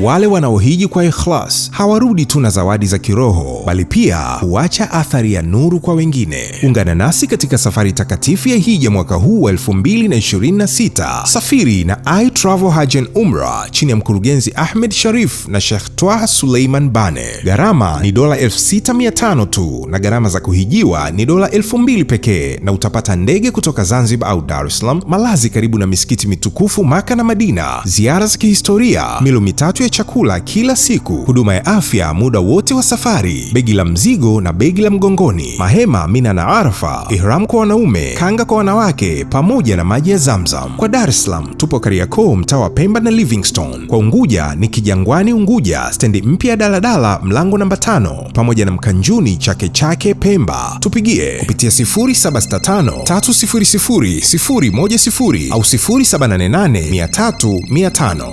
Wale wanaohiji kwa ikhlas hawarudi tu na zawadi za kiroho bali pia huacha athari ya nuru kwa wengine. Ungana nasi katika safari takatifu ya hija mwaka huu wa 226 Safiri na I hajen Umra chini ya mkurugenzi Ahmed Sharif na Sheikh twa Suleiman Bane. Gharama ni dola 65 tu na gharama za kuhijiwa ni dola 20 pekee, na utapata ndege kutoka Zanzibar au Dar es Salaam, malazi karibu na misikiti tukufu Maka na Madina, ziara za kihistoria, milo mitatu ya chakula kila siku, huduma ya afya muda wote wa safari, begi la mzigo na begi la mgongoni, mahema Mina na Arafa, ihram kwa wanaume, kanga kwa wanawake, pamoja na maji ya Zamzam. Kwa Dar es Salaam tupo Kariakoo, mtaa wa Pemba na Livingstone. Kwa Unguja ni Kijangwani Unguja, stendi mpya ya daladala, mlango namba tano, pamoja na Mkanjuni Chake Chake Pemba. Tupigie kupitia 0765 au 7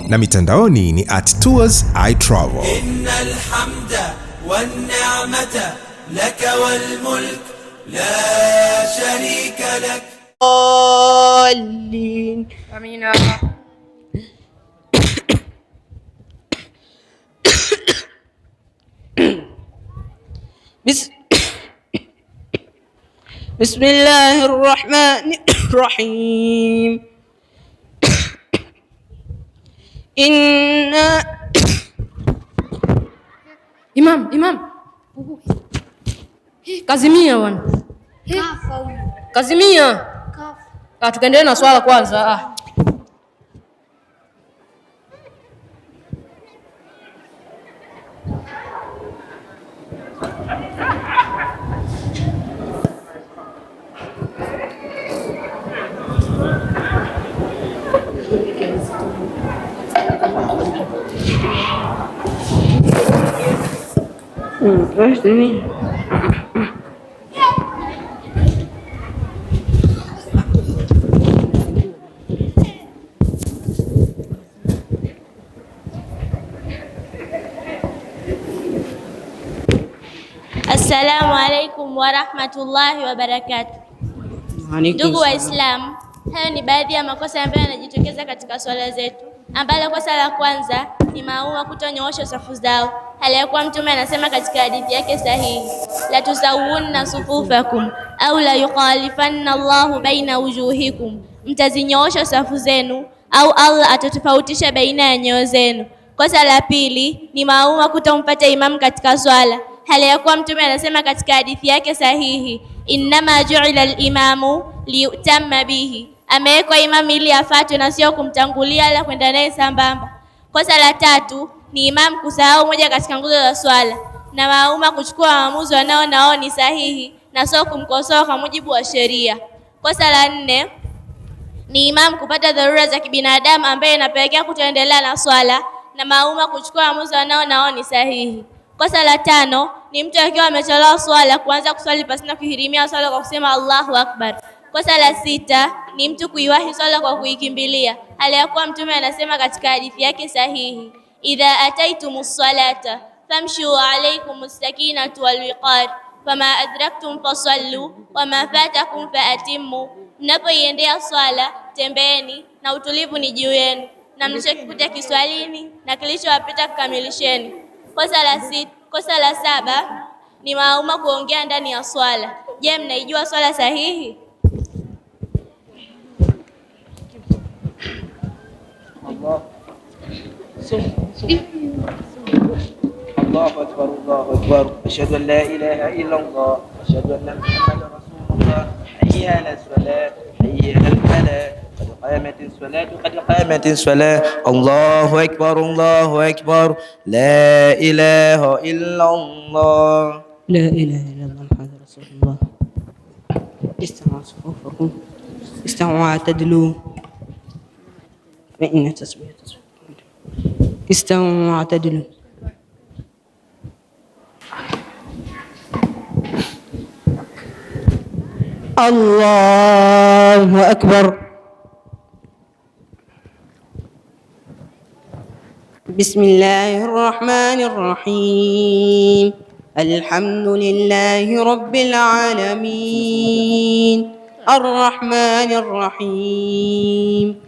na mitandaoni ni at tours i travel. بسم الله الرحمن الرحيم Inna Imam, Imam. Kazimia bwana. Kazimia. Ah, Tukaendelee na swala kwanza. Ah. Wewe nini? Assalamu alaikum warahmatullahi wabarakatuh. Ndugu Waislamu, hayo ni baadhi ya makosa ambayo yanajitokeza katika swala zetu, ambalo kosa la kwanza ni maua kutonyoosha safu zao Aliyekuwa Mtume anasema katika hadithi yake sahihi, la tusawunna sufufakum au la yukhalifanna Allahu baina wujuhikum, mtazinyoosha safu zenu au Allah atatofautisha baina ya nyoyo zenu. Kosa la pili ni mauma kutompata imamu katika swala, hali ya kuwa Mtume anasema katika hadithi yake sahihi, innama juila limamu liyutamma bihi, amewekwa imamu ili afatwe na sio kumtangulia wala kwenda naye sambamba. Kosa la tatu ni imamu kusahau moja katika nguzo za swala na maamuma kuchukua maamuzi wanaona wao ni sahihi na sio kumkosoa kwa mujibu wa sheria. Kosa la nne ni imamu kupata dharura za kibinadamu ambaye inapelekea kutoendelea na swala na maamuma kuchukua maamuzi wanaona wao ni sahihi. Kosa la tano ni mtu akiwa amechelewa swala kuanza kuswali pasina kuhirimia swala kwa kusema Allahu Akbar. Kosa la sita ni mtu kuiwahi swala kwa kuikimbilia, hali ya kuwa Mtume anasema katika hadithi yake sahihi idha ataitum lsalata famshuu alaikum sakinatu walwiqar fama adraktum fasallu wama fatakum faatimu, mnapoiendea swala tembeeni na utulivu ni juu yenu, na mlichokikuta kiswalini na kilichowapita kukamilisheni. Kosa la sita, kosa la saba ni mauma kuongea ndani ya swala. Je, mnaijua swala sahihi? الله أكبر الله أكبر أشهد أن لا إله إلا الله أشهد أن محمدا رسول الله حي على الصلاة حي على الفلاح قد قامت الصلاة قد قامت الصلاة الله أكبر الله أكبر لا إله إلا الله لا إله إلا الله محمد رسول الله استمعوا صفوفكم استمعوا اعتدلوا فإن تسبيح تسبيح استووا واعتدلوا الله أكبر بسم الله الرحمن الرحيم الحمد لله رب العالمين الرحمن الرحيم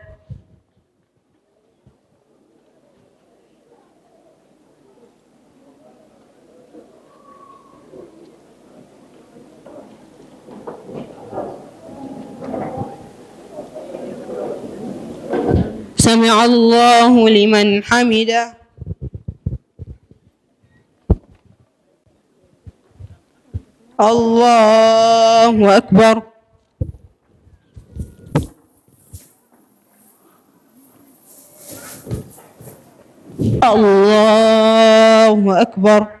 الله لمن حمده الله أكبر الله أكبر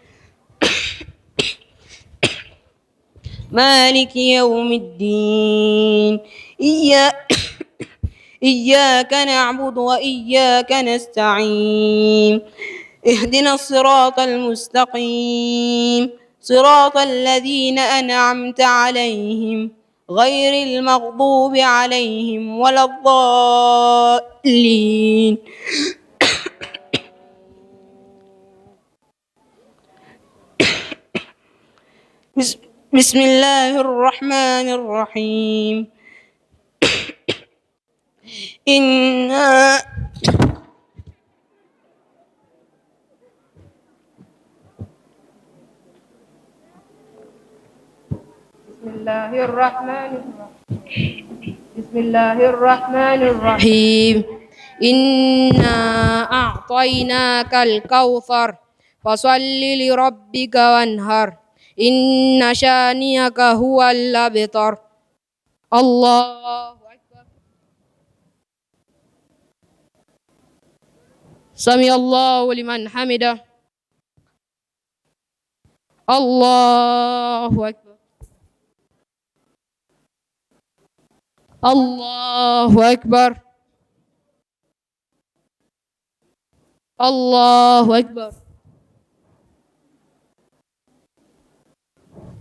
مالك يوم الدين إياك إياك نعبد وإياك نستعين اهدنا الصراط المستقيم صراط الذين أنعمت عليهم غير المغضوب عليهم ولا الضالين بسم بسم الله الرحمن الرحيم إنا بسم الله الرحمن الرحيم بسم الله الرحمن الرحيم إنا أعطيناك الكوثر فصل لربك وانهر إن شانيك هو الأبتر الله أكبر سمي الله لمن حمده الله أكبر الله أكبر الله أكبر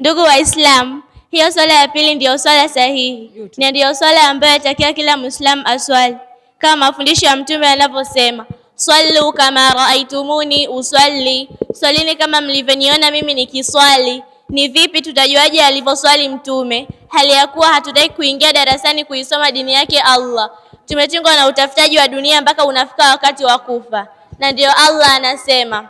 Ndugu Waislamu, hiyo swala ya pili ndiyo swala sahihi na ndiyo swala ambayo yatakiwa kila Muislamu aswali kama mafundisho ya Mtume yanavyosema, swallu kama raaitumuni usalli, swalini kama mlivyoniona mimi nikiswali. Ni vipi tutajuaje alivyoswali Mtume hali ya kuwa hatutaki kuingia darasani kuisoma dini yake Allah? Tumetengwa na utafutaji wa dunia mpaka unafika wakati wa kufa, na ndiyo Allah anasema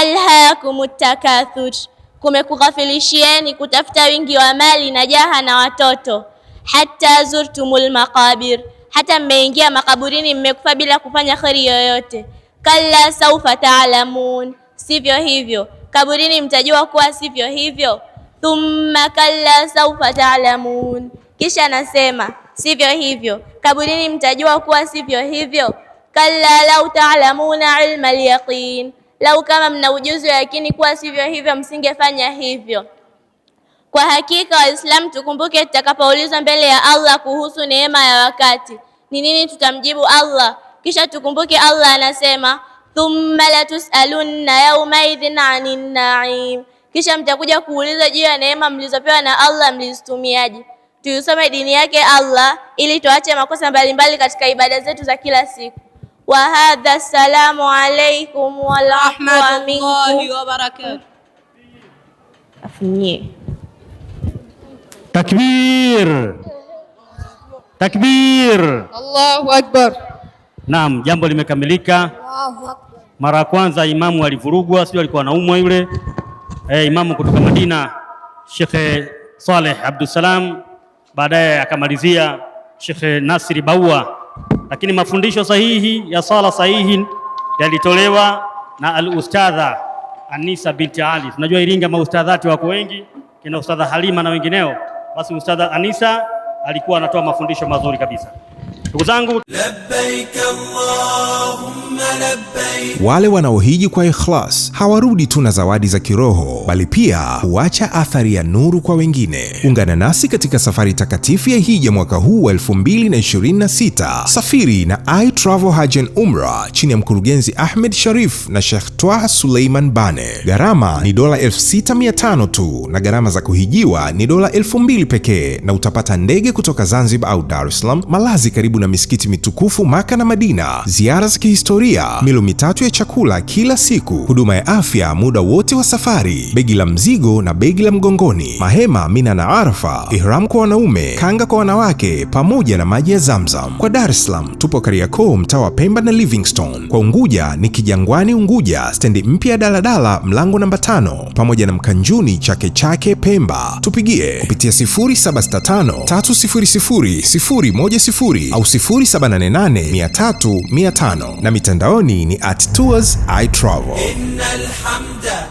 alhakumut takathur, kumekughafilishieni kutafuta wingi wa mali na jaha na watoto. Hatta zurtumul maqabir, hata mmeingia makaburini, mmekufa bila kufanya kheri yoyote. Kalla saufa taalamun, sivyo hivyo, kaburini mtajua kuwa sivyo hivyo. Thumma kalla saufa taalamun, kisha nasema sivyo hivyo, kaburini mtajua kuwa sivyo hivyo. Kalla lau taalamuna ilma alyaqin Lau kama mna ujuzi wa yakini kuwa sivyo hivyo, msingefanya hivyo. Kwa hakika Waislamu, tukumbuke tutakapoulizwa mbele ya Allah kuhusu neema ya wakati ni nini, tutamjibu Allah. Kisha tukumbuke Allah anasema thumma latusalunna yaumaidhin anin naim, kisha mtakuja kuulizwa juu ya neema mlizopewa na Allah, mlizitumiaje? Tuisome dini yake Allah ili tuache makosa mbalimbali katika ibada zetu za kila siku wa hadha, assalamu alaikum wa rahmatullahi wa barakatuh. Afunyie takbir, takbir, Allahu akbar. Naam, jambo limekamilika. Mara ya kwanza imamu alivurugwa, sio alikuwa anaumwa yule. Eh, imamu kutoka Madina Shekhe Saleh Abdussalam, baadaye akamalizia Shekhe nasiri Baua lakini mafundisho sahihi ya sala sahihi yalitolewa na al-ustadha Anisa binti Ali. Tunajua Iringa maustadhati wako wengi, kina ustadha Halima na wengineo. Basi ustadha Anisa alikuwa anatoa mafundisho mazuri kabisa, ndugu zangu. Labbaik Allah wale wanaohiji kwa ikhlas hawarudi tu na zawadi za kiroho, bali pia huacha athari ya nuru kwa wengine. Ungana nasi katika safari takatifu ya hija mwaka huu wa 2026. Safiri na I Travel Hajj and chini ya mkurugenzi Ahmed Sharif na Sheikh Twa Suleiman Bane. Gharama ni dola 6500 tu, na gharama za kuhijiwa ni dola 2000 pekee, na utapata ndege kutoka Zanzibar au Dar es Salaam, malazi karibu na misikiti mitukufu Maka na Madina, ziara za kihistoria kuanzia milo mitatu ya chakula kila siku, huduma ya afya muda wote wa safari, begi la mzigo na begi la mgongoni, mahema Mina na Arafa, ihram kwa wanaume, kanga kwa wanawake, pamoja na maji ya Zamzam. Kwa Dar es Salaam tupo Kariakoo, mtaa wa Pemba na Livingstone. Kwa Unguja ni Kijangwani Unguja, stendi mpya ya daladala, mlango namba tano, pamoja na Mkanjuni Chake Chake Pemba. Tupigie kupitia 0765 au 0788 300 na mitandao mitandaoni ni at tours I travel. Innal hamda